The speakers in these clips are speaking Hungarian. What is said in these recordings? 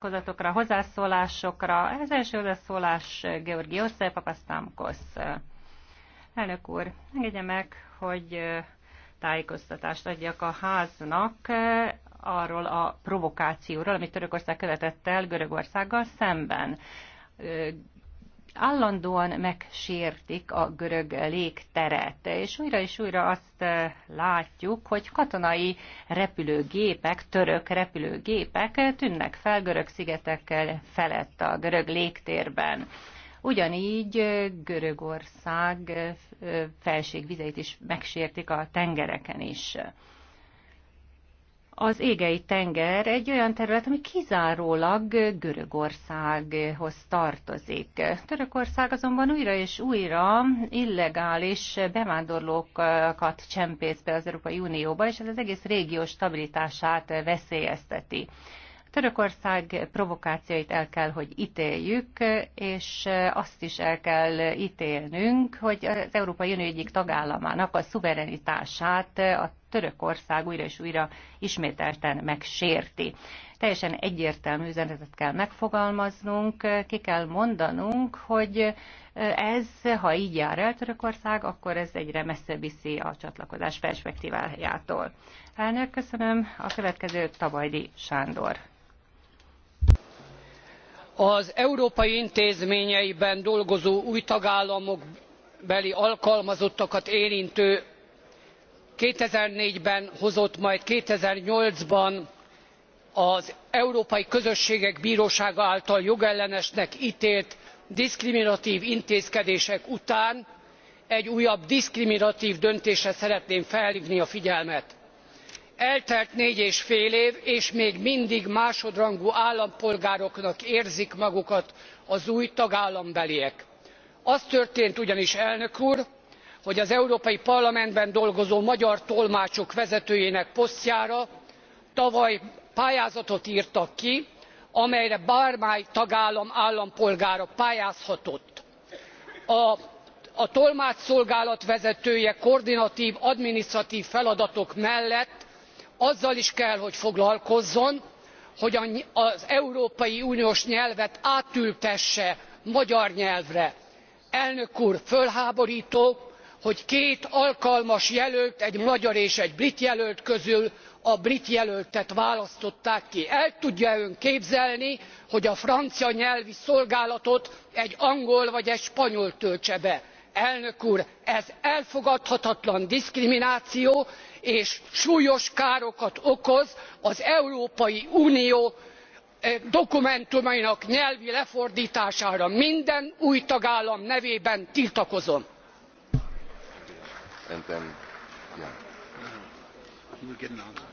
nyilatkozatokra, hozzászólásokra. Az első hozzászólás Georgi Oszai Papasztámkosz. Elnök úr, engedje meg, hogy tájékoztatást adjak a háznak arról a provokációról, amit Törökország követett el Görögországgal szemben állandóan megsértik a görög légteret, és újra és újra azt eh, látjuk, hogy katonai repülőgépek, török repülőgépek eh, tűnnek fel görög szigetekkel felett a görög légtérben. Ugyanígy eh, Görögország felségvizeit is megsértik a tengereken is az égei tenger egy olyan terület, ami kizárólag Görögországhoz tartozik. Törökország azonban újra és újra illegális bevándorlókat csempész be az Európai Unióba, és ez az egész régió stabilitását veszélyezteti. Törökország provokációit el kell, hogy ítéljük, és azt is el kell ítélnünk, hogy az Európai Unió egyik tagállamának a szuverenitását a Törökország újra és újra ismételten megsérti. Teljesen egyértelmű üzenetet kell megfogalmaznunk, ki kell mondanunk, hogy ez, ha így jár el Törökország, akkor ez egyre messze viszi a csatlakozás perspektívájától. Elnök, köszönöm. A következő Tabajdi Sándor az európai intézményeiben dolgozó új tagállamok beli alkalmazottakat érintő two thousand and four ben hozott majd two thousand and eight ban az európai közösségek brósága által jogellenesnek télt diszkriminatv intézkedések után egy újabb diszkriminatv döntésre szeretném felhvni a figyelmet. eltelt négy és fél év és még mindig másodrangú állampolgároknak érzik magukat az új tagállambeliek. az történt ugyanis elnök úr hogy az európai parlamentben dolgozó magyar tolmácsok vezetőjének posztjára tavaly pályázatot rtak ki amelyre bármely tagállam állampolgára pályázhatott. a tolmácsszolgálat vezetője koordinatv adminisztratv feladatok mellett azzal is kell hogy foglalkozzon hogy az európai uniós nyelvet átültesse magyar nyelvre. elnök úr fölhábortó hogy két alkalmas jelölt egy magyar és egy brit jelölt közül a brit jelöltet választották ki. el tudja ön képzelni hogy a francia nyelvi szolgálatot egy angol vagy egy spanyol töltse be? elnök úr ez elfogadhatatlan diszkrimináció és súlyos károkat okoz az európai unió eh, dokumentumainak nyelvi lefordtására. minden új tagállam nevében tiltakozom and then yeah. You will get an answer.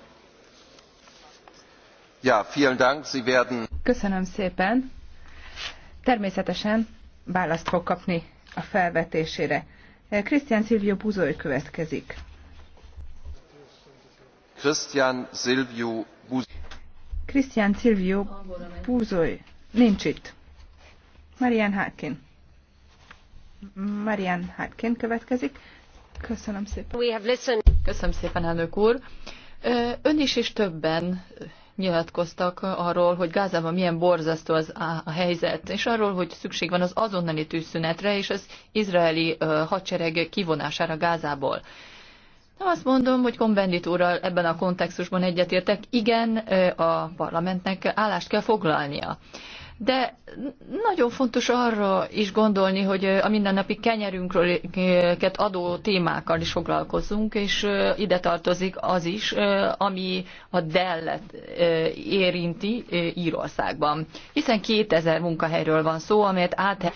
Ja, vielen Dank. Sie werden Köszönöm szépen. Természetesen választ fog kapni a felvetésére. Christian Silvio Buzoy következik. Christian Silvio Buzoy. Christian Silvio Buzoy. Nincs itt. Marian Harkin. Marian Harkin következik. Köszönöm szépen. Köszönöm szépen, elnök úr. Ön is és többen nyilatkoztak arról, hogy Gázában milyen borzasztó az a helyzet, és arról, hogy szükség van az azonnali tűzszünetre és az izraeli hadsereg kivonására Gázából. Na azt mondom, hogy Konbendit úrral ebben a kontextusban egyetértek, igen, a parlamentnek állást kell foglalnia de nagyon fontos arra is gondolni, hogy eh, a mindennapi kenyerünket eh, adó témákkal is foglalkozunk, és eh, ide tartozik az is, ami a Dellet érinti Írországban. Hiszen 2000 munkahelyről van szó, amelyet át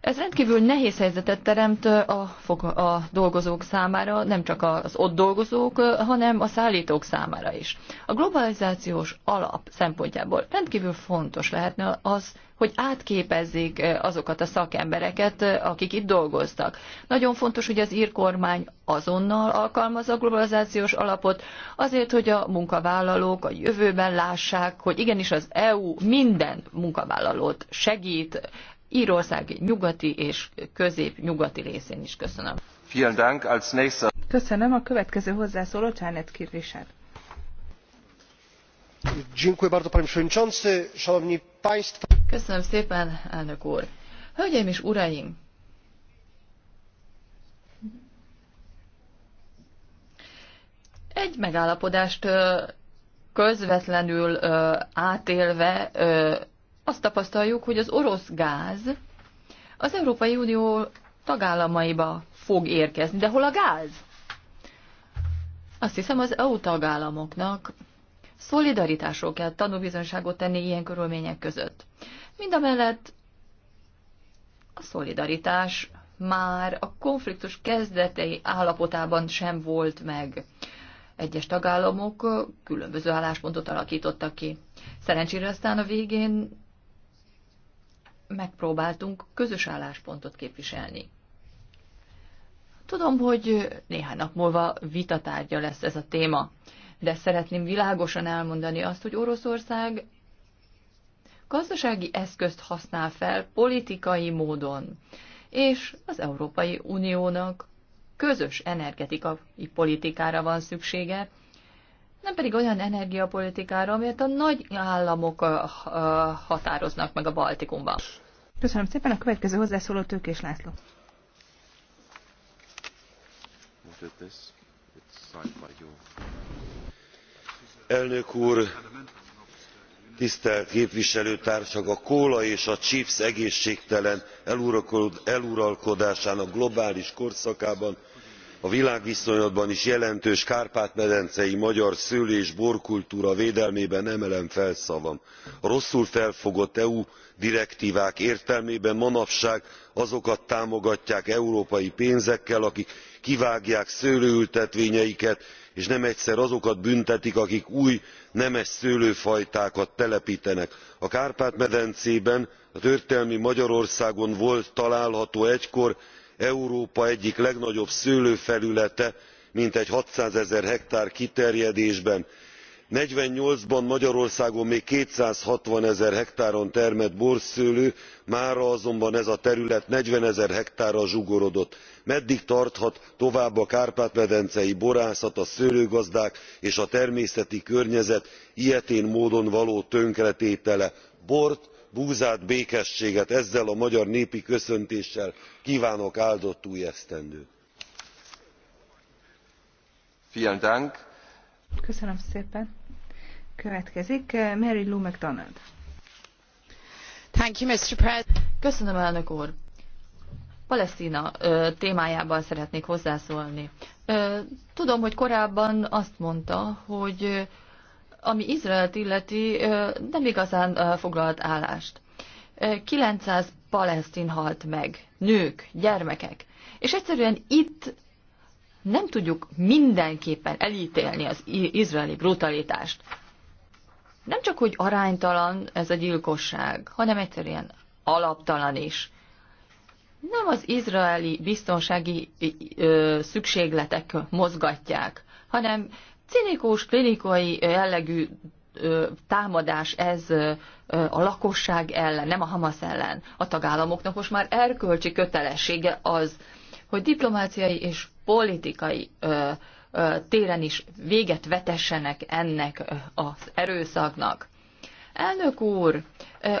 ez rendkívül nehéz helyzetet teremt a, a dolgozók számára, nem csak az ott dolgozók, hanem a szállítók számára is. A globalizációs alap szempontjából rendkívül fontos lehetne az, hogy átképezzék azokat a szakembereket, akik itt dolgoztak. Nagyon fontos, hogy az ír kormány azonnal alkalmazza a globalizációs alapot, azért, hogy a munkavállalók a jövőben lássák, hogy igenis az EU minden munkavállalót segít, Írország nyugati és közép-nyugati részén is. Köszönöm. Köszönöm. A következő hozzászóló Csánet Kirvisel. Köszönöm szépen, elnök úr. Hölgyeim és uraim! Egy megállapodást közvetlenül átélve azt tapasztaljuk, hogy az orosz gáz az Európai Unió tagállamaiba fog érkezni. De hol a gáz? Azt hiszem, az EU tagállamoknak szolidaritásról kell tanúbizonyságot tenni ilyen körülmények között. Mind a mellett a szolidaritás már a konfliktus kezdetei állapotában sem volt meg. Egyes tagállamok különböző álláspontot alakítottak ki. Szerencsére aztán a végén megpróbáltunk közös álláspontot képviselni. Tudom, hogy néhány nap múlva vitatárgya lesz ez a téma, de szeretném világosan elmondani azt, hogy Oroszország gazdasági eszközt használ fel politikai módon, és az Európai Uniónak közös energetikai politikára van szüksége, nem pedig olyan energiapolitikára, amelyet a nagy államok határoznak meg a Baltikumban. Köszönöm szépen. A következő hozzászóló Tőkés László. Elnök úr, tisztelt képviselőtársak! a kóla és a chips egészségtelen eluralkodásának globális korszakában a világviszonylatban is jelentős kárpát medencei magyar szőlő és borkultúra védelmében emelem fel szavam. a rosszul felfogott eu direktvák értelmében manapság azokat támogatják európai pénzekkel akik kivágják szőlőültetvényeiket és nem egyszer azokat büntetik akik új nemes szőlőfajtákat teleptenek. a kárpát medencében a történelmi magyarországon volt található egykor európa egyik legnagyobb szőlőfelülete mintegy hatszázezer hektár kiterjedésben. forty eight ban magyarországon még kétszázhatvanezer hektáron termett borszőlő mára azonban ez a terület negyvenezer hektárra zsugorodott. meddig tarthat tovább a kárpát medencei borászat a szőlőgazdák és a természeti környezet ilyetén módon való tönkretétele? bort búzát békességet ezzel a magyar népi köszöntéssel kvánok áldott új esztendőt! Köszönöm szépen. Következik eh, Mary Lou McDonald. Köszönöm, elnök úr. Palesztina témájában szeretnék hozzászólni. Tudom, hogy korábban azt mondta, hogy ami Izraelt illeti, nem igazán foglalt állást. 900 palesztin halt meg, nők, gyermekek. És egyszerűen itt nem tudjuk mindenképpen elítélni az izraeli brutalitást. Nem csak, hogy aránytalan ez a gyilkosság, hanem egyszerűen alaptalan is. Nem az izraeli biztonsági ö, szükségletek mozgatják, hanem Cinikus, klinikai jellegű támadás ez a lakosság ellen, nem a Hamas ellen. A tagállamoknak most már erkölcsi kötelessége az, hogy diplomáciai és politikai téren is véget vetessenek ennek az erőszaknak. Elnök úr,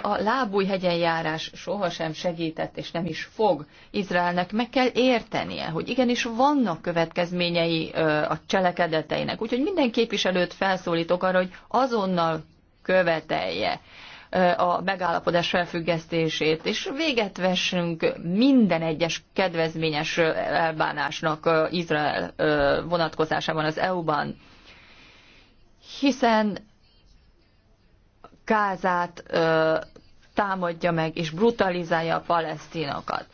a lábújhegyen járás sohasem segített, és nem is fog. Izraelnek meg kell értenie, hogy igenis vannak következményei a cselekedeteinek. Úgyhogy minden képviselőt felszólítok arra, hogy azonnal követelje a megállapodás felfüggesztését, és véget vessünk minden egyes kedvezményes elbánásnak Izrael vonatkozásában az EU-ban, hiszen Gázát ö, támadja meg és brutalizálja a palesztinokat.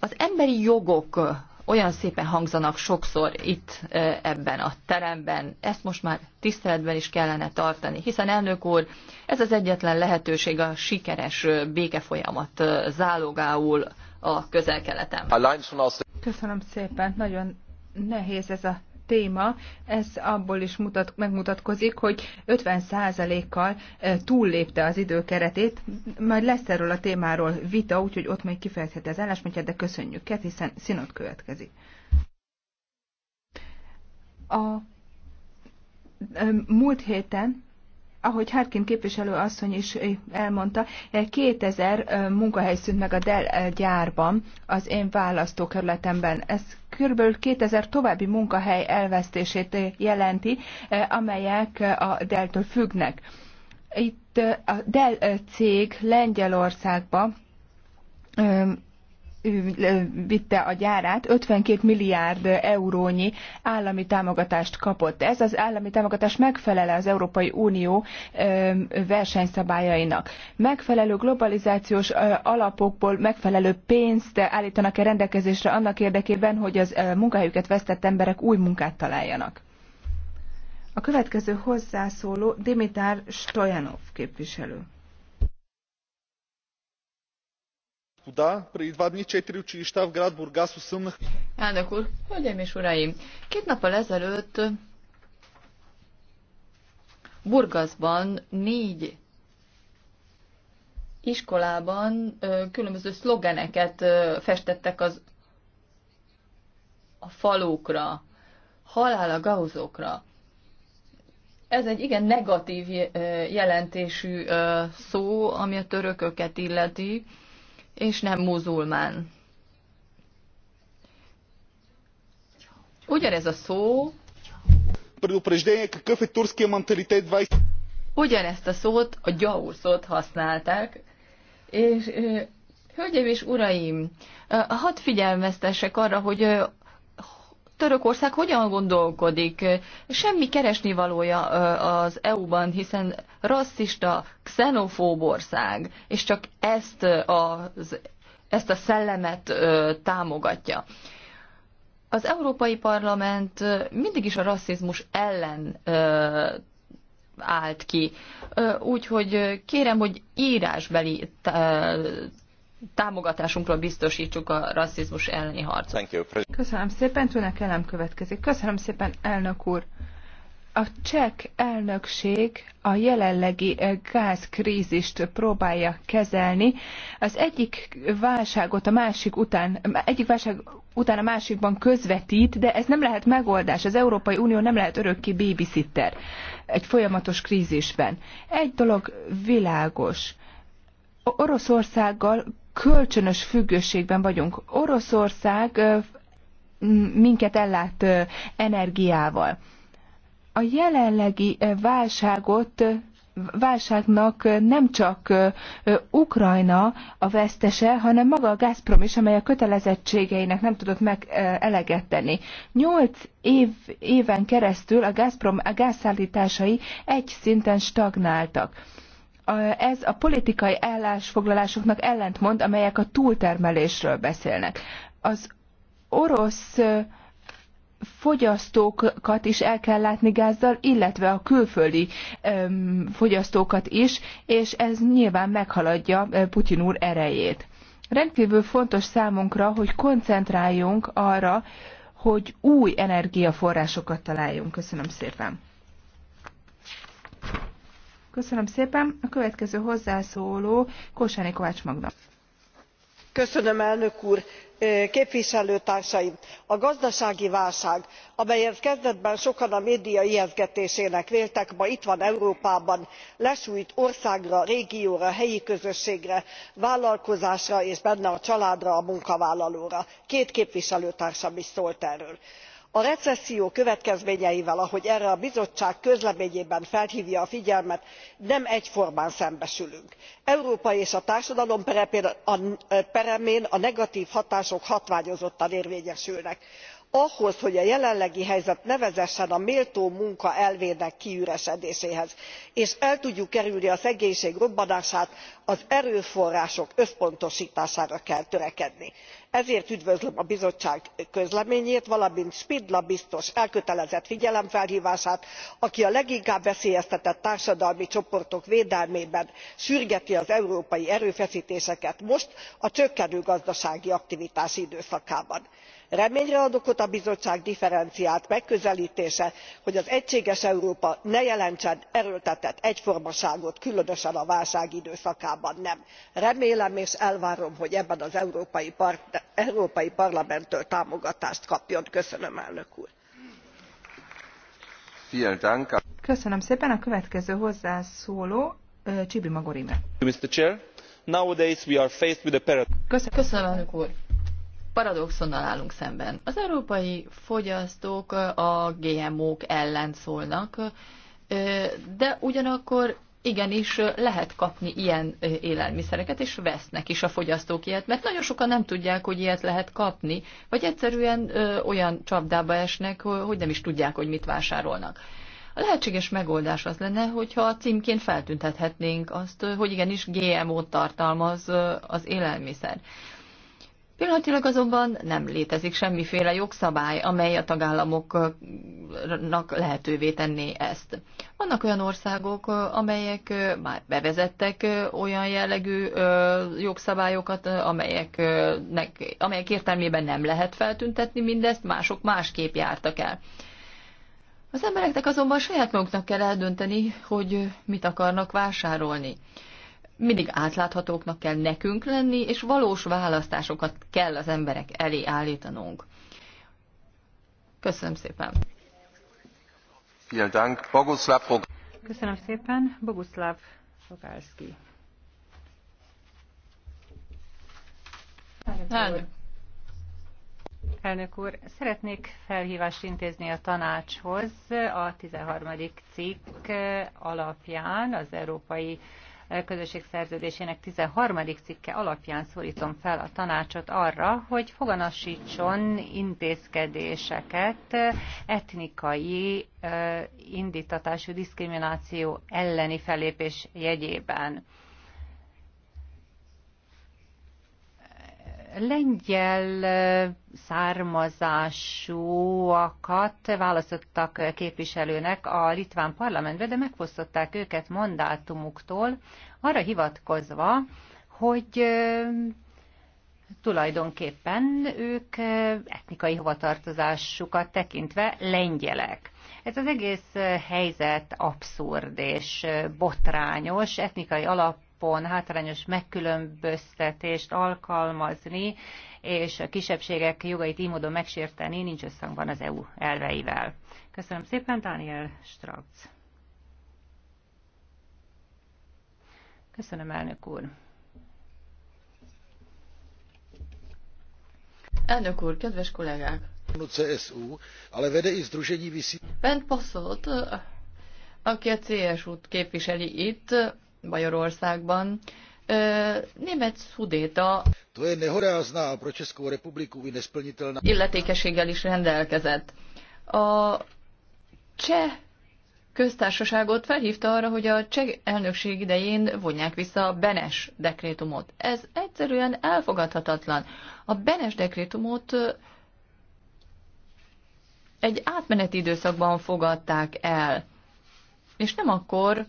Az emberi jogok olyan szépen hangzanak sokszor itt ebben a teremben, ezt most már tiszteletben is kellene tartani, hiszen elnök úr, ez az egyetlen lehetőség a sikeres békefolyamat zálogául a közel-keleten. Köszönöm szépen, nagyon nehéz ez a téma, ez abból is mutat, megmutatkozik, hogy 50%-kal túllépte az időkeretét. Majd lesz erről a témáról vita, úgyhogy ott még kifejezheti az álláspontját, de köszönjük Ket, hiszen színot következik. A múlt héten ahogy Harkin képviselő asszony is elmondta, 2000 munkahely szűnt meg a Dell gyárban az én választókerületemben. Ez kb. 2000 további munkahely elvesztését jelenti, amelyek a Dell-től függnek. Itt a Dell cég Lengyelországba vitte a gyárát, 52 milliárd eurónyi állami támogatást kapott. Ez az állami támogatás megfelele az Európai Unió versenyszabályainak. Megfelelő globalizációs alapokból megfelelő pénzt állítanak-e rendelkezésre annak érdekében, hogy az munkahelyüket vesztett emberek új munkát találjanak? A következő hozzászóló Dimitár Stojanov képviselő. Elnök úr, hölgyeim és uraim! Két nappal ezelőtt Burgaszban négy iskolában különböző szlogeneket festettek az, a falókra, halál a gauzókra. Ez egy igen negatív jelentésű szó, ami a törököket illeti és nem muzulmán. Ugyanez a szó, ugyanezt a szót, a gyaur szót használták, és Hölgyeim és uraim, hadd figyelmeztessek arra, hogy Törökország hogyan gondolkodik? Semmi keresnivalója az EU-ban, hiszen rasszista, xenofób ország, és csak ezt, az, ezt a szellemet támogatja. Az Európai Parlament mindig is a rasszizmus ellen állt ki. Úgyhogy kérem, hogy írásbeli támogatásunkról biztosítsuk a rasszizmus elleni harcot. Köszönöm szépen, tőnek elem következik. Köszönöm szépen, elnök úr. A csek elnökség a jelenlegi eh, gázkrízist próbálja kezelni. Az egyik válságot a másik után, egyik válság után a másikban közvetít, de ez nem lehet megoldás. Az Európai Unió nem lehet örökké babysitter egy folyamatos krízisben. Egy dolog világos. Oroszországgal kölcsönös függőségben vagyunk. Oroszország minket ellát energiával. A jelenlegi válságot válságnak nem csak Ukrajna a vesztese, hanem maga a Gazprom is, amely a kötelezettségeinek nem tudott meg eleget tenni. Nyolc év, éven keresztül a Gazprom a gázszállításai egy szinten stagnáltak ez a politikai állásfoglalásoknak ellentmond, amelyek a túltermelésről beszélnek. Az orosz fogyasztókat is el kell látni gázzal, illetve a külföldi öm, fogyasztókat is, és ez nyilván meghaladja Putyin úr erejét. Rendkívül fontos számunkra, hogy koncentráljunk arra, hogy új energiaforrásokat találjunk. Köszönöm szépen! Köszönöm szépen. A következő hozzászóló Kósáné Kovács Magda. Köszönöm, elnök úr! képviselőtársaim! a gazdasági válság amelyet kezdetben sokan a média ijeszgetésének véltek ma itt van európában lesújt országra régióra helyi közösségre vállalkozásra és benne a családra a munkavállalóra. két képviselőtársam is szólt erről a recesszió következményeivel ahogy erre a bizottság közleményében felhvja a figyelmet nem egyformán szembesülünk. európa és a társadalom peremén a negatv hatások hatványozottan érvényesülnek ahhoz hogy a jelenlegi helyzet ne vezessen a méltó munka elvének kiüresedéséhez és el tudjuk kerülni a szegénység robbanását az erőforrások összpontostására kell törekedni. ezért üdvözlöm a bizottság közleményét valamint pidla biztos elkötelezett figyelemfelhvását aki a leginkább veszélyeztetett társadalmi csoportok védelmében sürgeti az európai erőfesztéseket most a csökkenő gazdasági aktivitás időszakában reményre ad okot a bizottság differenciált megközeltése hogy az egységes európa ne jelentsen erőltetett egyformaságot különösen a válság időszakában nem. remélem és elvárom hogy ebben az európai parlamenttől támogatást kapjon. köszönöm elnök úr! Köszönöm szépen. A következő Köszönöm, paradoxonnal állunk szemben. Az európai fogyasztók a GMO-k ellen szólnak, de ugyanakkor igenis lehet kapni ilyen élelmiszereket, és vesznek is a fogyasztók ilyet, mert nagyon sokan nem tudják, hogy ilyet lehet kapni, vagy egyszerűen olyan csapdába esnek, hogy nem is tudják, hogy mit vásárolnak. A lehetséges megoldás az lenne, hogyha a címként feltüntethetnénk azt, hogy igenis GMO-t tartalmaz az élelmiszer. Pillanatilag azonban nem létezik semmiféle jogszabály, amely a tagállamoknak lehetővé tenné ezt. Vannak olyan országok, amelyek már bevezettek olyan jellegű jogszabályokat, amelyeknek, amelyek értelmében nem lehet feltüntetni mindezt, mások másképp jártak el. Az embereknek azonban saját maguknak kell eldönteni, hogy mit akarnak vásárolni mindig átláthatóknak kell nekünk lenni, és valós választásokat kell az emberek elé állítanunk. Köszönöm szépen. Köszönöm szépen. Boguszláv Fogálszki. Elnök úr, szeretnék felhívást intézni a tanácshoz a 13. cikk alapján az Európai közösség szerződésének 13. cikke alapján szólítom fel a tanácsot arra, hogy foganassítson intézkedéseket etnikai indítatású diszkrimináció elleni fellépés jegyében. lengyel származásúakat választottak képviselőnek a litván parlamentbe, de megfosztották őket mandátumuktól, arra hivatkozva, hogy tulajdonképpen ők etnikai hovatartozásukat tekintve lengyelek. Ez az egész helyzet abszurd és botrányos, etnikai alap alapon hátrányos megkülönböztetést alkalmazni, és a kisebbségek jogait így módon megsérteni nincs összhangban az EU elveivel. Köszönöm szépen, Daniel Strauss. Köszönöm, elnök úr. Elnök úr, kedves kollégák! CSU, ale vede i združení vysí... Bent Posot, aki a CSU-t képviseli itt, Bajorországban. Német Szudéta illetékeséggel is rendelkezett. A cseh köztársaságot felhívta arra, hogy a cseh elnökség idején vonják vissza a Benes dekrétumot. Ez egyszerűen elfogadhatatlan. A Benes dekrétumot egy átmeneti időszakban fogadták el, és nem akkor,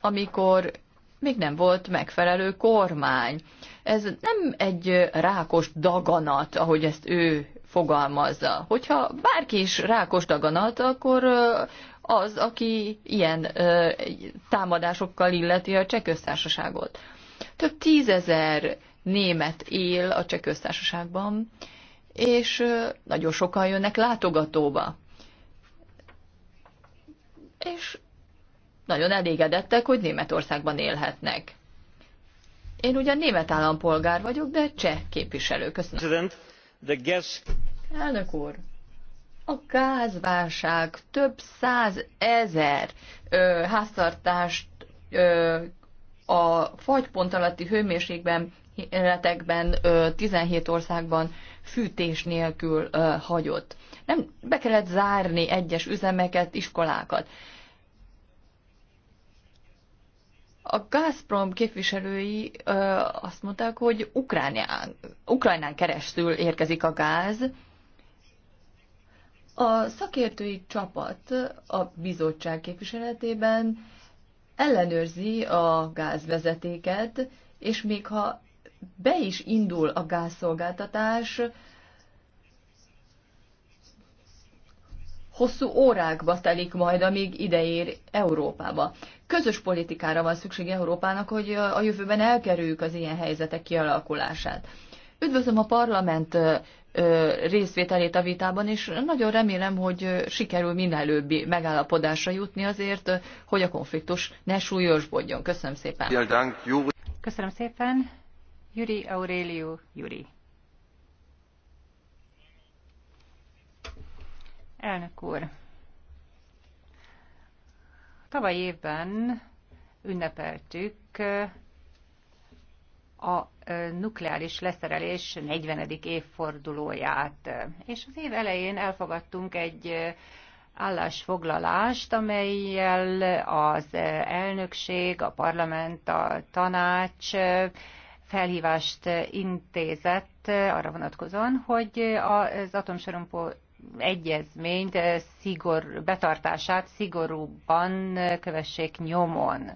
amikor még nem volt megfelelő kormány. Ez nem egy rákos daganat, ahogy ezt ő fogalmazza. Hogyha bárki is rákos daganat, akkor az, aki ilyen támadásokkal illeti a cseh köztársaságot. Több tízezer német él a cseh köztársaságban, és nagyon sokan jönnek látogatóba. És nagyon elégedettek, hogy Németországban élhetnek. Én ugyan német állampolgár vagyok, de cseh képviselő. Köszönöm. Elnök úr, a gázválság több száz ezer ö, háztartást ö, a fagypont alatti hőmérsékletekben letekben 17 országban fűtés nélkül hagyott. Nem, be kellett zárni egyes üzemeket, iskolákat. A Gazprom képviselői ö, azt mondták, hogy Ukránán, Ukrajnán keresztül érkezik a gáz. A szakértői csapat a bizottság képviseletében ellenőrzi a gázvezetéket, és még ha be is indul a gázszolgáltatás, hosszú órákba telik majd, amíg ideér Európába. Közös politikára van szükség Európának, hogy a jövőben elkerüljük az ilyen helyzetek kialakulását. Üdvözlöm a parlament részvételét a vitában, és nagyon remélem, hogy sikerül minelőbbi megállapodásra jutni azért, hogy a konfliktus ne súlyosbodjon. Köszönöm szépen. Köszönöm szépen. Juri Aurelio Juri. Elnök úr, tavaly évben ünnepeltük a nukleáris leszerelés 40. évfordulóját, és az év elején elfogadtunk egy állásfoglalást, amelyel az elnökség, a parlament, a tanács felhívást intézett arra vonatkozóan, hogy az atomsorompó egyezményt eh, szigor, betartását szigorúban eh, kövessék nyomon.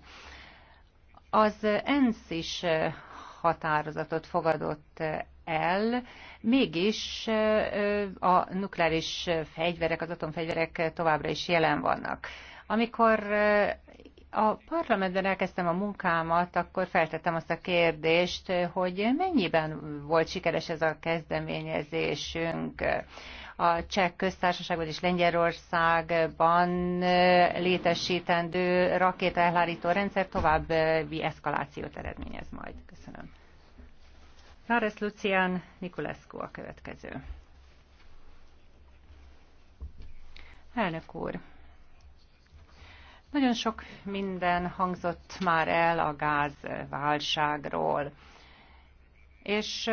Az ENSZ is eh, határozatot fogadott el, mégis a nukleáris fegyverek, az atomfegyverek továbbra is jelen vannak. Amikor a parlamentben elkezdtem a munkámat, akkor feltettem azt a kérdést, hogy mennyiben volt sikeres ez a kezdeményezésünk a Cseh köztársaságban és Lengyelországban létesítendő rakétaellárító rendszer további eszkalációt eredményez majd. Köszönöm. Nárez Lucián Nikolescu a következő. Elnök úr! Nagyon sok minden hangzott már el a gázválságról, és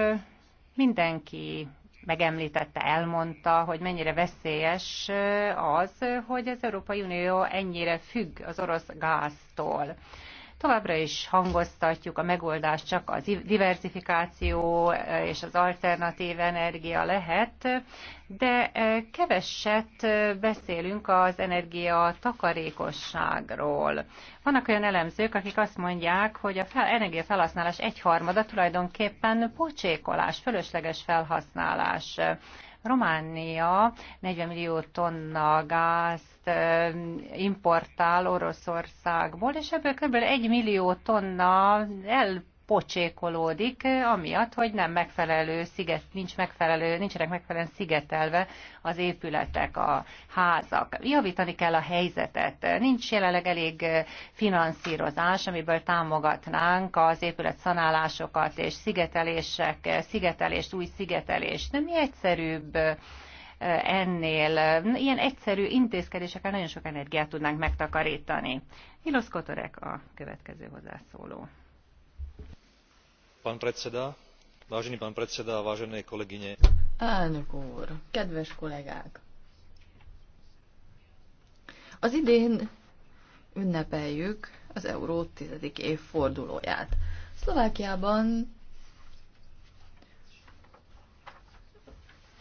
mindenki megemlítette, elmondta, hogy mennyire veszélyes az, hogy az Európai Unió ennyire függ az orosz gáztól. Továbbra is hangoztatjuk a megoldást, csak a diversifikáció eh, és az alternatív energia lehet, de eh, keveset eh, beszélünk az energia takarékosságról. Vannak olyan elemzők, akik azt mondják, hogy a fel, energiafelhasználás egyharmada tulajdonképpen pocsékolás, fölösleges felhasználás. Románia 40 millió tonna gázt importál Oroszországból, és ebből kb. 1 millió tonna el pocsékolódik, amiatt, hogy nem megfelelő sziget, nincs megfelelő, nincsenek megfelelően szigetelve az épületek, a házak. Javítani kell a helyzetet. Nincs jelenleg elég finanszírozás, amiből támogatnánk az épület szanálásokat és szigetelések, szigetelést, új szigetelést. Nem egyszerűbb eh, ennél. Ilyen egyszerű intézkedésekkel nagyon sok energiát tudnánk megtakarítani. Milos Kotorek a következő hozzászóló. Elnök úr, kedves kollégák! Az idén ünnepeljük az euró tizedik évfordulóját. Szlovákiában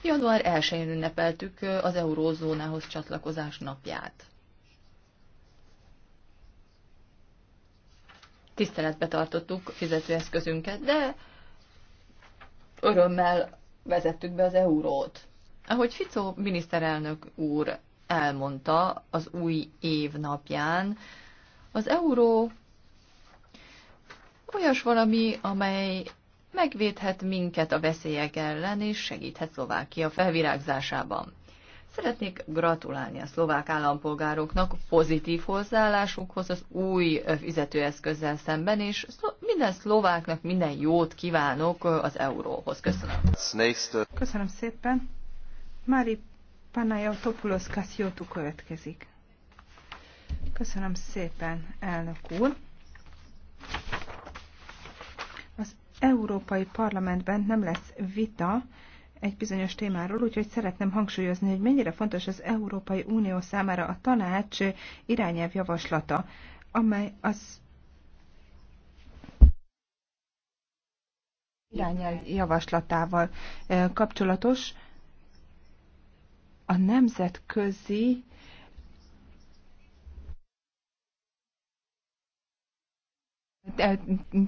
január 1-én ünnepeltük az eurózónához csatlakozás napját. tiszteletbe tartottuk fizetőeszközünket, de örömmel vezettük be az eurót. Ahogy Ficó miniszterelnök úr elmondta az új év napján, az euró olyas valami, amely megvédhet minket a veszélyek ellen, és segíthet Szlovákia felvirágzásában. Szeretnék gratulálni a szlovák állampolgároknak pozitív hozzáállásukhoz az új fizetőeszközzel szemben, és minden szlováknak minden jót kívánok az euróhoz. Köszönöm. Köszönöm szépen. Mári Panayotopoulos Kassziótú következik. Köszönöm szépen, elnök úr. Az Európai Parlamentben nem lesz vita, egy bizonyos témáról, úgyhogy szeretném hangsúlyozni, hogy mennyire fontos az Európai Unió számára a tanács irányelv javaslata, amely az irányelv javaslatával kapcsolatos a nemzetközi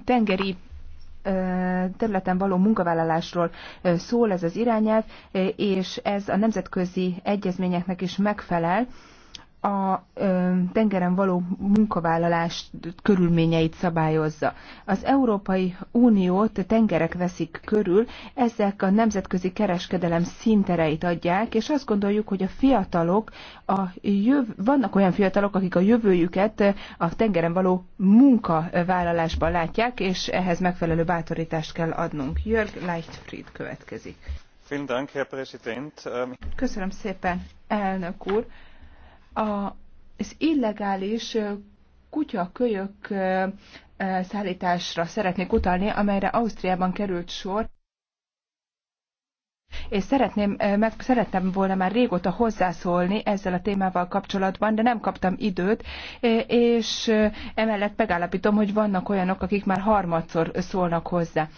tengeri területen való munkavállalásról szól ez az irányelv, és ez a nemzetközi egyezményeknek is megfelel a tengeren való munkavállalás körülményeit szabályozza. Az Európai Uniót tengerek veszik körül, ezek a nemzetközi kereskedelem szintereit adják, és azt gondoljuk, hogy a fiatalok, a jöv... vannak olyan fiatalok, akik a jövőjüket a tengeren való munkavállalásban látják, és ehhez megfelelő bátorítást kell adnunk. Jörg Leichtfried következik. Köszönöm szépen, elnök úr! az illegális kutyakölyök szállításra szeretnék utalni, amelyre Ausztriában került sor. És szeretném, meg szerettem volna már régóta hozzászólni ezzel a témával kapcsolatban, de nem kaptam időt, és emellett megállapítom, hogy vannak olyanok, akik már harmadszor szólnak hozzá.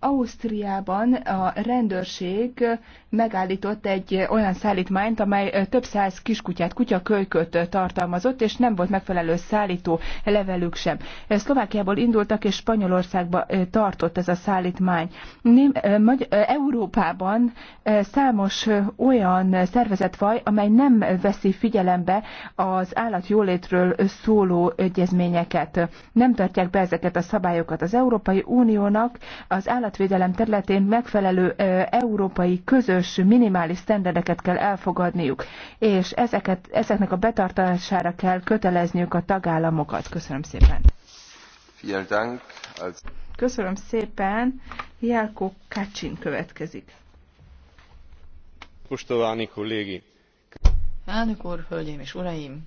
Ausztriában a rendőrség megállított egy olyan szállítmányt, amely több száz kiskutyát, kölyköt tartalmazott, és nem volt megfelelő szállító levelük sem. Szlovákiából indultak, és Spanyolországba tartott ez a szállítmány. Európában számos olyan szervezetfaj, amely nem veszi figyelembe az állatjólétről szóló egyezményeket. Nem tartják be ezeket a szabályokat. Az Európai Uniónak a az állatvédelem területén megfelelő európai közös minimális sztenderdeket kell elfogadniuk, és ezeket, ezeknek a betartására kell kötelezniük a tagállamokat. Köszönöm szépen. Köszönöm szépen. Jelko Kacsin következik. Pusztováni kollégi. Elnök úr, hölgyeim és uraim!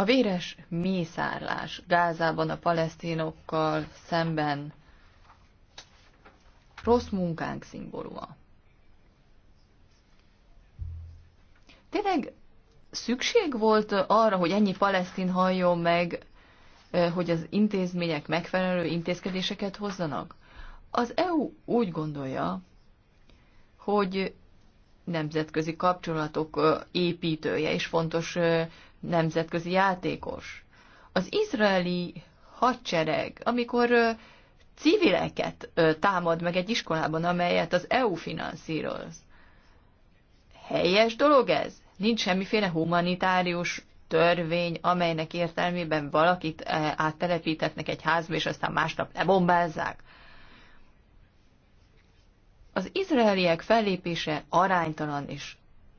A véres mészárlás Gázában a palesztinokkal szemben rossz munkánk szimbóluma. Tényleg szükség volt arra, hogy ennyi palesztin halljon meg, eh, hogy az intézmények megfelelő intézkedéseket hozzanak? Az EU úgy gondolja, hogy nemzetközi kapcsolatok eh, építője és fontos eh, nemzetközi játékos. Az izraeli hadsereg, amikor civileket támad meg egy iskolában, amelyet az EU finanszíroz. Helyes dolog ez? Nincs semmiféle humanitárius törvény, amelynek értelmében valakit e, áttelepítetnek egy házba, és aztán másnap lebombázzák. Az izraeliek fellépése aránytalan és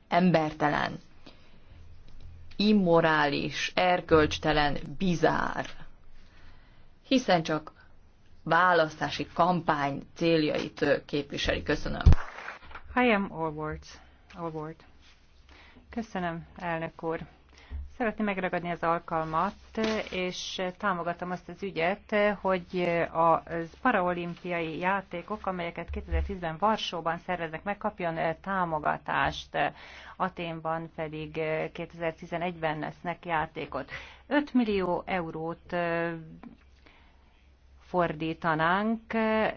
embertelen immorális, erkölcstelen bizár. Hiszen csak választási kampány céljait képviseli. Köszönöm. I am Allwards. Allward. Köszönöm, elnök úr. Szeretném megragadni az alkalmat, és támogatom azt az ügyet, hogy a paraolimpiai játékok, amelyeket 2010-ben Varsóban szerveznek meg, kapjon támogatást. Aténban pedig 2011-ben lesznek játékot. 5 millió eurót fordítanánk,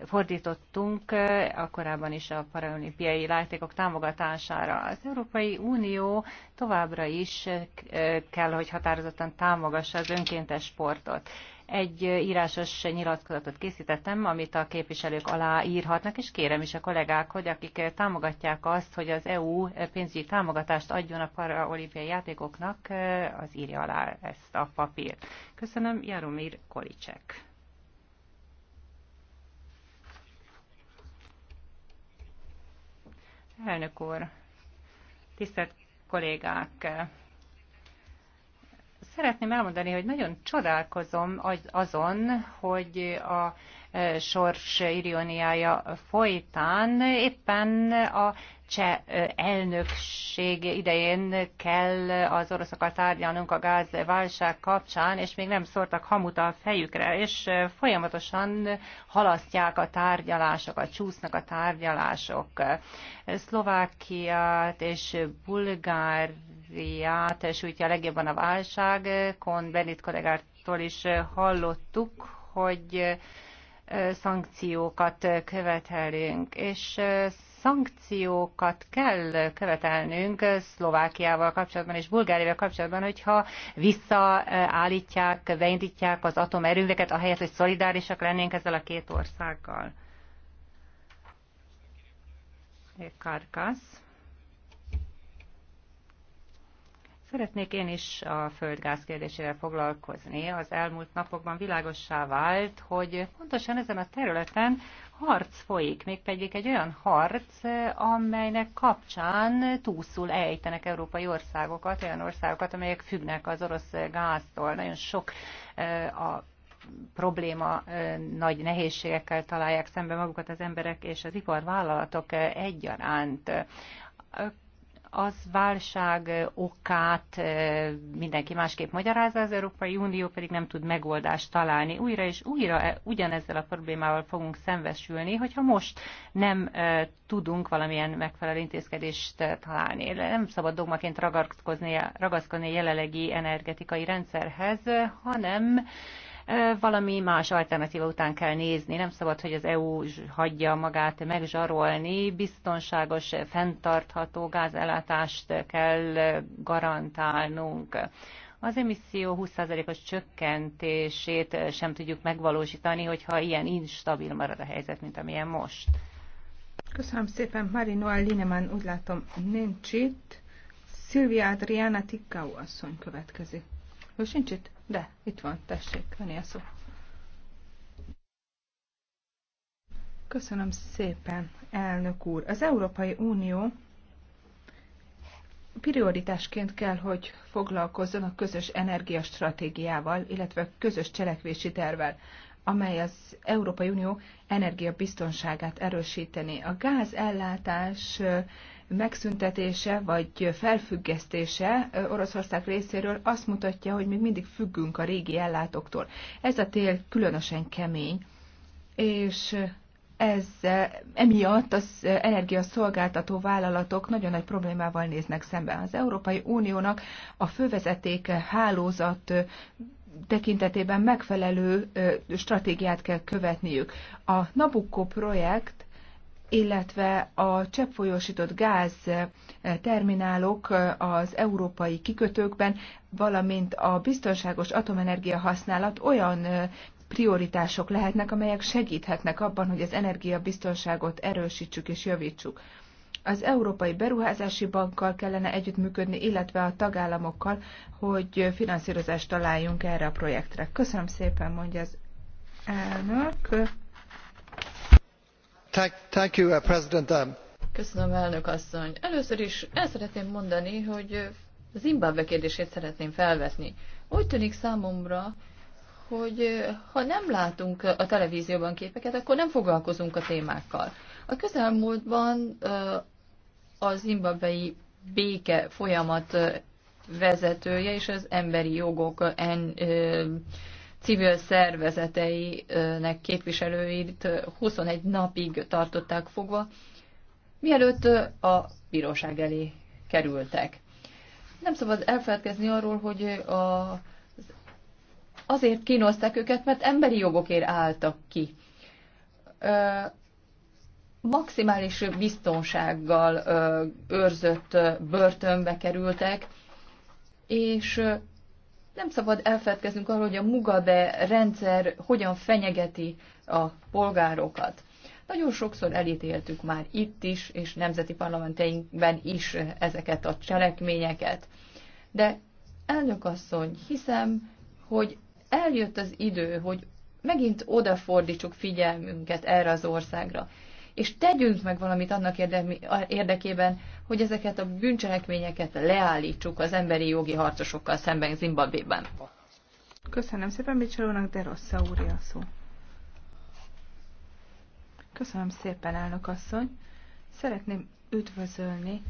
fordítottunk a korábban is a paralimpiai látékok támogatására. Az Európai Unió továbbra is kell, hogy határozottan támogassa az önkéntes sportot. Egy írásos nyilatkozatot készítettem, amit a képviselők aláírhatnak, és kérem is a kollégák, hogy akik támogatják azt, hogy az EU pénzügyi támogatást adjon a paraolimpiai játékoknak, az írja alá ezt a papírt. Köszönöm, Jaromir Kolicek. Elnök úr, tisztelt kollégák! Szeretném elmondani, hogy nagyon csodálkozom az, azon, hogy a e, sors iróniája folytán éppen a cseh e, elnökség idején kell az oroszokkal tárgyalnunk a gázválság kapcsán, és még nem szórtak hamut a fejükre, és e, folyamatosan halasztják a tárgyalásokat, csúsznak a tárgyalások. Szlovákiát és Bulgár Ausztriát a legjobban a válság. Kon Benit kollégártól is hallottuk, hogy szankciókat követelünk, és szankciókat kell követelnünk Szlovákiával kapcsolatban és Bulgáriával kapcsolatban, hogyha visszaállítják, beindítják az atomerőveket, ahelyett, hogy szolidárisak lennénk ezzel a két országgal. Karkasz. Szeretnék én is a földgáz kérdésével foglalkozni. Az elmúlt napokban világossá vált, hogy pontosan ezen a területen harc folyik, mégpedig egy olyan harc, amelynek kapcsán túszul ejtenek európai országokat, olyan országokat, amelyek függnek az orosz gáztól. Nagyon sok a probléma, nagy nehézségekkel találják szembe magukat az emberek és az iparvállalatok egyaránt az válság okát mindenki másképp magyarázza, az Európai Unió pedig nem tud megoldást találni. Újra és újra ugyanezzel a problémával fogunk szembesülni, hogyha most nem tudunk valamilyen megfelelő intézkedést találni. Nem szabad dogmaként ragaszkodni, ragaszkodni a jelenlegi energetikai rendszerhez, hanem valami más alternatíva után kell nézni. Nem szabad, hogy az EU hagyja magát megzsarolni, biztonságos, fenntartható gázellátást kell garantálnunk az emisszió 20%-os csökkentését sem tudjuk megvalósítani, hogyha ilyen instabil marad a helyzet, mint amilyen most. Köszönöm szépen, Marino Lineman, úgy látom nincs itt. Szilvia Adriana Tikkau asszony következik. Ő sincs itt? De, itt van, tessék, van a szó. Köszönöm szépen, elnök úr. Az Európai Unió prioritásként kell, hogy foglalkozzon a közös energiastratégiával, illetve a közös cselekvési tervvel, amely az Európai Unió energiabiztonságát erősíteni. A gázellátás ellátás megszüntetése vagy felfüggesztése Oroszország részéről azt mutatja, hogy még mindig függünk a régi ellátóktól. Ez a tél különösen kemény, és ez emiatt az energiaszolgáltató vállalatok nagyon nagy problémával néznek szembe. Az Európai Uniónak a fővezeték hálózat tekintetében megfelelő stratégiát kell követniük. A Nabucco projekt illetve a cseppfolyósított gáz eh, terminálok eh, az európai kikötőkben, valamint a biztonságos atomenergia használat olyan eh, prioritások lehetnek, amelyek segíthetnek abban, hogy az energiabiztonságot erősítsük és javítsuk. Az Európai Beruházási Bankkal kellene együttműködni, illetve a tagállamokkal, hogy finanszírozást találjunk erre a projektre. Köszönöm szépen, mondja az elnök. Uh, um, Köszönöm, elnök asszony. Először is el szeretném mondani, hogy Zimbabwe kérdését szeretném felvetni. Úgy tűnik számomra, hogy ha nem látunk a televízióban képeket, akkor nem foglalkozunk a témákkal. A közelmúltban a zimbabwei béke folyamat vezetője és az emberi jogok en, civil szervezeteinek képviselőit 21 napig tartották fogva, mielőtt a bíróság elé kerültek. Nem szabad elfeledkezni arról, hogy a, azért kínozták őket, mert emberi jogokért álltak ki. Maximális biztonsággal őrzött börtönbe kerültek, és nem szabad elfeledkeznünk arról, hogy a Mugabe rendszer hogyan fenyegeti a polgárokat. Nagyon sokszor elítéltük már itt is, és nemzeti parlamenteinkben is ezeket a cselekményeket. De elnök asszony, hiszem, hogy eljött az idő, hogy megint odafordítsuk figyelmünket erre az országra és tegyünk meg valamit annak érdekében, hogy ezeket a bűncselekményeket leállítsuk az emberi jogi harcosokkal szemben Zimbabvében. Köszönöm szépen, Bicsolónak, de rossz a úri a szó. Köszönöm szépen, elnök asszony. Szeretném üdvözölni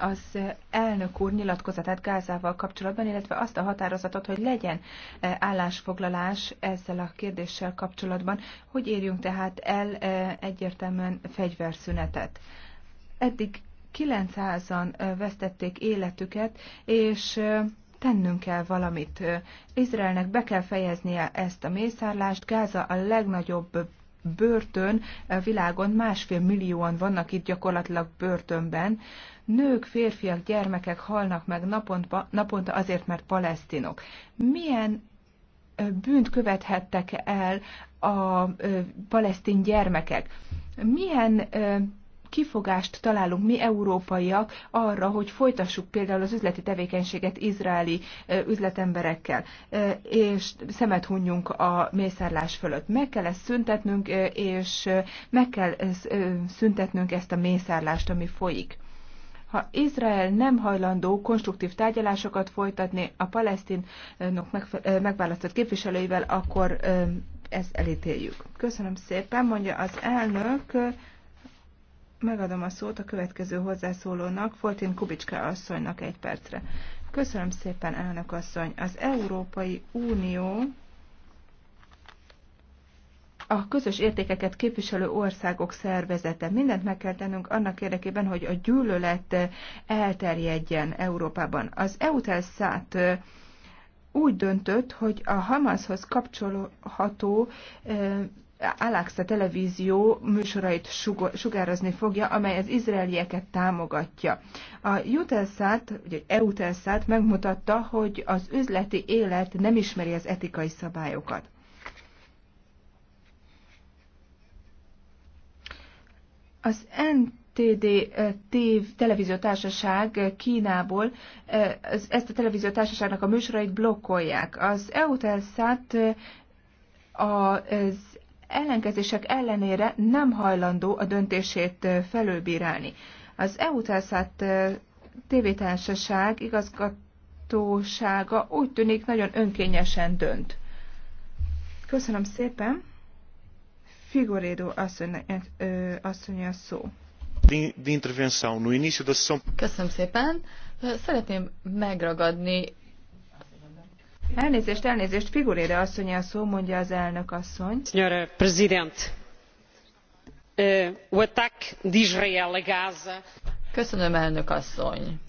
az elnök úr nyilatkozatát Gázával kapcsolatban, illetve azt a határozatot, hogy legyen e, állásfoglalás ezzel a kérdéssel kapcsolatban, hogy érjünk tehát el e, egyértelműen fegyverszünetet. Eddig 900-an e, vesztették életüket, és tennünk kell valamit. Izraelnek be kell fejeznie ezt a mészárlást, Gáza a legnagyobb börtön világon, másfél millióan vannak itt gyakorlatilag börtönben. Nők, férfiak, gyermekek halnak meg naponta, naponta azért, mert palesztinok. Milyen bűnt követhettek el a palesztin gyermekek? Milyen kifogást találunk mi európaiak arra, hogy folytassuk például az üzleti tevékenységet izraeli üzletemberekkel, és szemet hunjunk a mészárlás fölött. Meg kell ezt szüntetnünk, és meg kell szüntetnünk ezt a mészárlást, ami folyik. Ha Izrael nem hajlandó konstruktív tárgyalásokat folytatni a palesztinok megválasztott képviselőivel, akkor ezt elítéljük. Köszönöm szépen, mondja az elnök megadom a szót a következő hozzászólónak, Foltin Kubicska asszonynak egy percre. Köszönöm szépen, elnök asszony. Az Európai Unió a közös értékeket képviselő országok szervezete. Mindent meg kell tennünk annak érdekében, hogy a gyűlölet elterjedjen Európában. Az EUTELSZÁT úgy döntött, hogy a Hamashoz kapcsolható Alexa televízió műsorait sugározni fogja, amely az izraelieket támogatja. A Jutelsat, vagy Eutelsat megmutatta, hogy az üzleti élet nem ismeri az etikai szabályokat. Az NTD eh, TV televíziótársaság eh, Kínából eh, ezt a televíziótársaságnak a műsorait blokkolják. Az Eutelsat az ellenkezések ellenére nem hajlandó a döntését felülbírálni. Az EU-Telszát tévétársaság igazgatósága úgy tűnik nagyon önkényesen dönt. Köszönöm szépen. Figurédo asszony, a szó. Köszönöm szépen. Szeretném megragadni Elnézést, elnézést, figurére asszony a szó, mondja az elnök asszony. Senhora Presidente, eh, o attack de Israel a Gaza... Köszönöm, elnök asszony.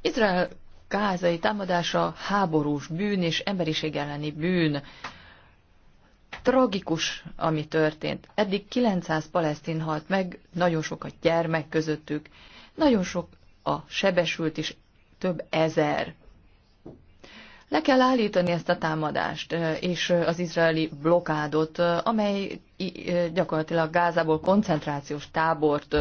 Izrael gázai támadása háborús bűn és emberiség elleni bűn. Tragikus, ami történt. Eddig 900 palesztin halt meg, nagyon sok a gyermek közöttük, nagyon sok a sebesült is, több ezer. Le kell állítani ezt a támadást és az izraeli blokádot, amely gyakorlatilag Gázából koncentrációs tábort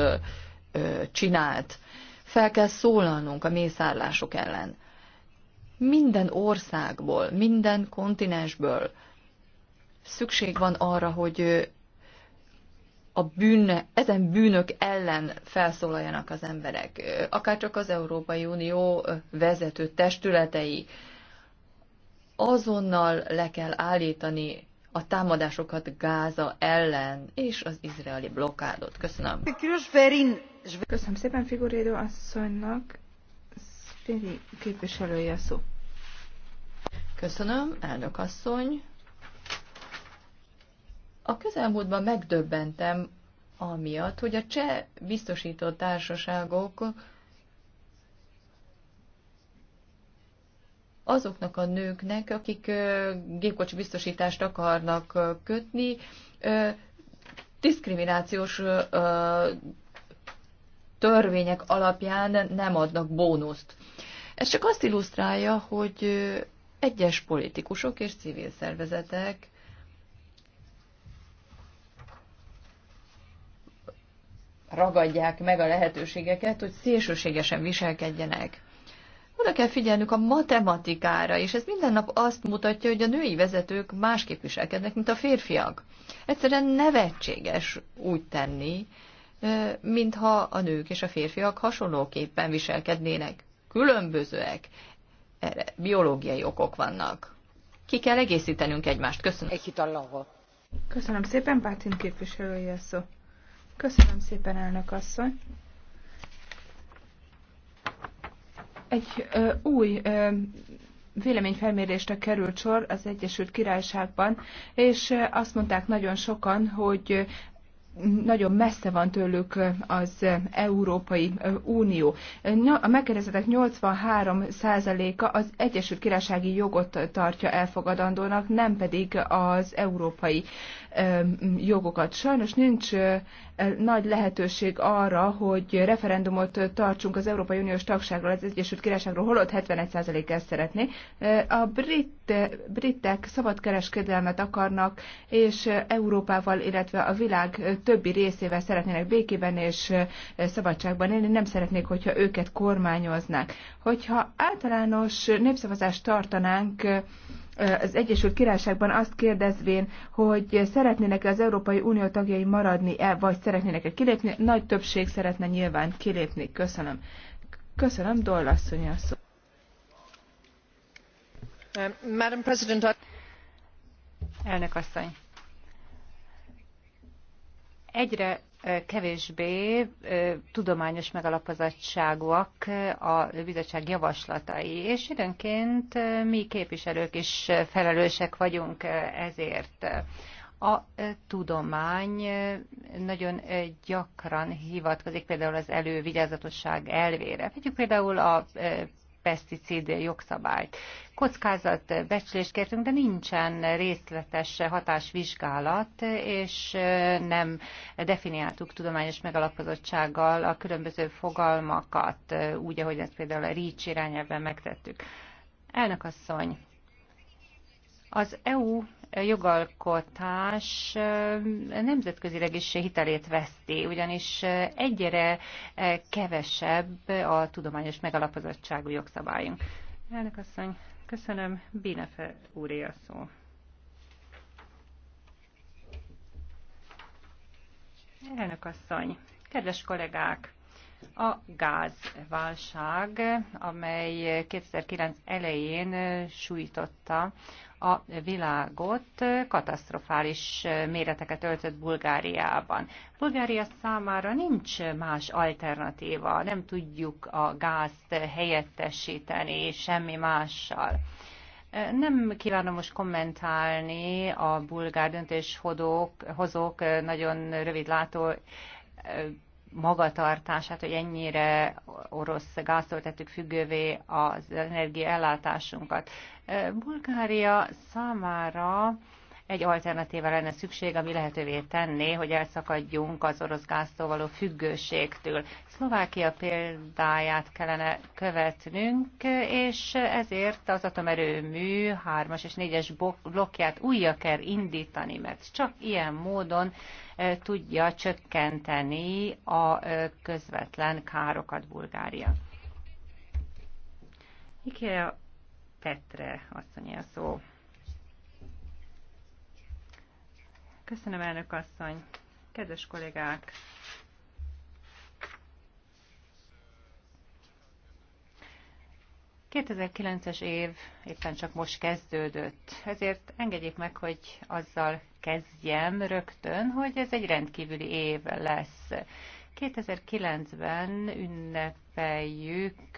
csinált. Fel kell szólalnunk a mészárlások ellen. Minden országból, minden kontinensből szükség van arra, hogy a bűn, ezen bűnök ellen felszólaljanak az emberek, akár csak az Európai Unió vezető testületei, azonnal le kell állítani a támadásokat Gáza ellen és az izraeli blokádot. Köszönöm. Köszönöm szépen Figurédo asszonynak. Szféri képviselője a szó. Köszönöm, elnök asszony. A közelmúltban megdöbbentem amiatt, hogy a cseh biztosító társaságok azoknak a nőknek, akik gépkocsi biztosítást akarnak kötni, diszkriminációs törvények alapján nem adnak bónuszt. Ez csak azt illusztrálja, hogy egyes politikusok és civil szervezetek ragadják meg a lehetőségeket, hogy szélsőségesen viselkedjenek. Oda kell figyelnünk a matematikára, és ez minden nap azt mutatja, hogy a női vezetők másképp viselkednek, mint a férfiak. Egyszerűen nevetséges úgy tenni, mintha a nők és a férfiak hasonlóképpen viselkednének. Különbözőek. Erre biológiai okok vannak. Ki kell egészítenünk egymást. Köszönöm. Köszönöm szépen, Pátin képviselője szó. Köszönöm szépen, elnök asszony. Egy ö, új ö, véleményfelmérésre került sor az Egyesült Királyságban, és azt mondták nagyon sokan, hogy nagyon messze van tőlük az Európai Unió. A megkérdezettek 83%-a az Egyesült Királysági jogot tartja elfogadandónak, nem pedig az európai jogokat. Sajnos nincs nagy lehetőség arra, hogy referendumot tartsunk az Európai Uniós tagságról, az Egyesült Királyságról, holott 71% ezt szeretné. A brit, britek szabadkereskedelmet akarnak, és Európával, illetve a világ többi részével szeretnének békében és szabadságban élni, nem szeretnék, hogyha őket kormányoznák. Hogyha általános népszavazást tartanánk, az Egyesült Királyságban azt kérdezvén, hogy szeretnének-e az Európai Unió tagjai maradni-e, vagy szeretnének-e kilépni. Nagy többség szeretne nyilván kilépni. Köszönöm. Köszönöm, Dollasszony a szó. Um, Madam President, Elnök asszony, egyre kevésbé tudományos megalapozottságúak a bizottság javaslatai, és időnként mi képviselők is felelősek vagyunk ezért. A tudomány nagyon gyakran hivatkozik például az elővigyázatosság elvére. Vegyük például a peszticid jogszabályt. Kockázat becslést kértünk, de nincsen részletes hatásvizsgálat, és nem definiáltuk tudományos megalapozottsággal a különböző fogalmakat, úgy, ahogy ezt például a REACH irányában megtettük. Elnök asszony, az EU jogalkotás nemzetközileg is hitelét veszti, ugyanis egyre kevesebb a tudományos megalapozottságú jogszabályunk. Elnök asszony, köszönöm. Bénefe úré a szó. Elnök asszony, kedves kollégák! A gázválság, amely 2009 elején sújtotta a világot katasztrofális méreteket öltött Bulgáriában. Bulgária számára nincs más alternatíva, nem tudjuk a gázt helyettesíteni semmi mással. Nem kívánom most kommentálni a bulgár döntéshozók nagyon rövid látó magatartását, hogy ennyire orosz gáztól tettük függővé az energiaellátásunkat. Bulgária számára egy alternatíva lenne szükség, ami lehetővé tenné, hogy elszakadjunk az orosz gáztól való függőségtől. Szlovákia példáját kellene követnünk, és ezért az atomerőmű 3-as és 4-es blokkját újra kell indítani, mert csak ilyen módon eh, tudja csökkenteni a eh, közvetlen károkat Bulgária. Ikea Petre azt a szó. Köszönöm, elnök asszony. Kedves kollégák! ...2009-es év éppen csak most kezdődött, ezért engedjék meg, hogy azzal kezdjem rögtön, hogy ez egy rendkívüli év lesz. 2009-ben ünnepeljük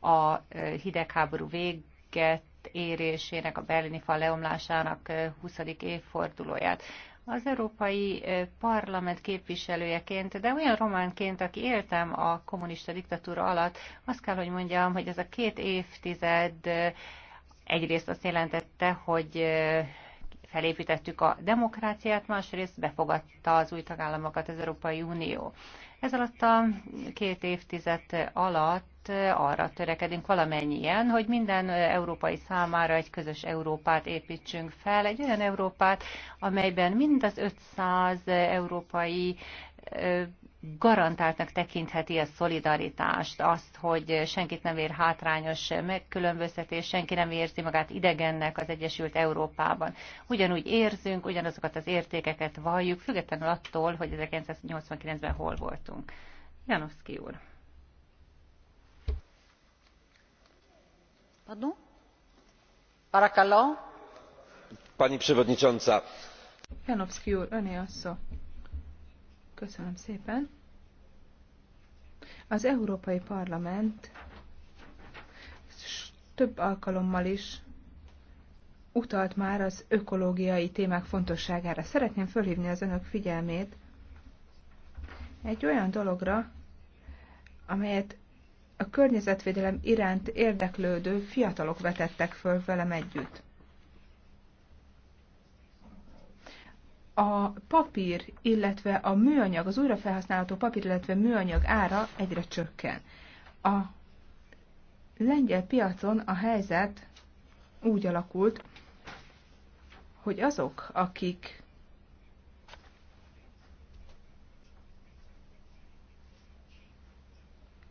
a hidegháború véget érésének, a berlini fal leomlásának 20. évfordulóját az Európai Parlament képviselőjeként, de olyan románként, aki éltem a kommunista diktatúra alatt, azt kell, hogy mondjam, hogy ez a két évtized egyrészt azt jelentette, hogy felépítettük a demokráciát, másrészt befogadta az új tagállamokat az Európai Unió. Ez alatt a két évtized alatt Eh, arra törekedünk valamennyien, hogy minden eh, európai számára egy közös Európát építsünk fel, egy olyan Európát, amelyben mind az 500 eh, európai garantáltnak tekintheti a szolidaritást, azt, hogy senkit nem ér hátrányos megkülönböztetés, senki nem érzi magát idegennek az Egyesült Európában. Ugyanúgy érzünk, ugyanazokat az értékeket valljuk, függetlenül attól, hogy 1989-ben hol voltunk. Janoszki úr. pani przewodnicząca! az európai parlament több alkalommal is utalt már az ökológiai témák fontosságára. Szeretném fölhívni az önök figyelmét egy olyan dologra, amelyet a környezetvédelem iránt érdeklődő fiatalok vetettek föl velem együtt. A papír, illetve a műanyag, az újrafelhasználható papír, illetve műanyag ára egyre csökken. A lengyel piacon a helyzet úgy alakult, hogy azok, akik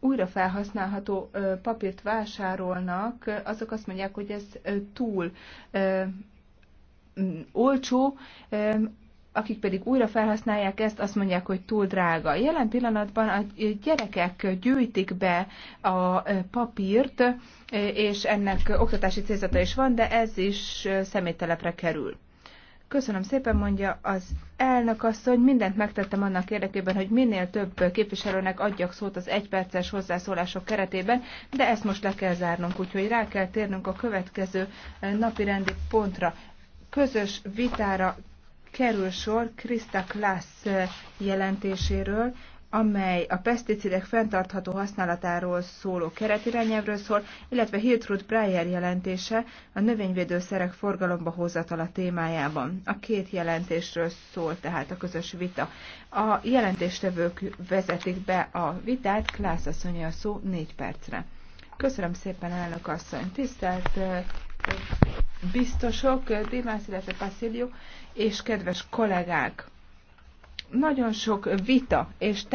újra felhasználható papírt vásárolnak, azok azt mondják, hogy ez túl olcsó, akik pedig újra felhasználják ezt, azt mondják, hogy túl drága. Jelen pillanatban a gyerekek gyűjtik be a papírt, és ennek oktatási célzata is van, de ez is szeméttelepre kerül. Köszönöm szépen, mondja az elnök asszony. Mindent megtettem annak érdekében, hogy minél több képviselőnek adjak szót az egyperces hozzászólások keretében, de ezt most le kell zárnunk, úgyhogy rá kell térnünk a következő eh, napi rendi pontra. Közös vitára kerül sor Krista Klász eh, jelentéséről, amely a peszticidek fenntartható használatáról szóló keretirányelvről szól, illetve Hiltrud Breyer jelentése a növényvédőszerek forgalomba hozatala témájában. A két jelentésről szól tehát a közös vita. A jelentéstevők vezetik be a vitát, Klász asszony a szó négy percre. Köszönöm szépen, elnök asszony. Tisztelt biztosok, Dimász, illetve Pasilio, és kedves kollégák! Nagyon sok vita és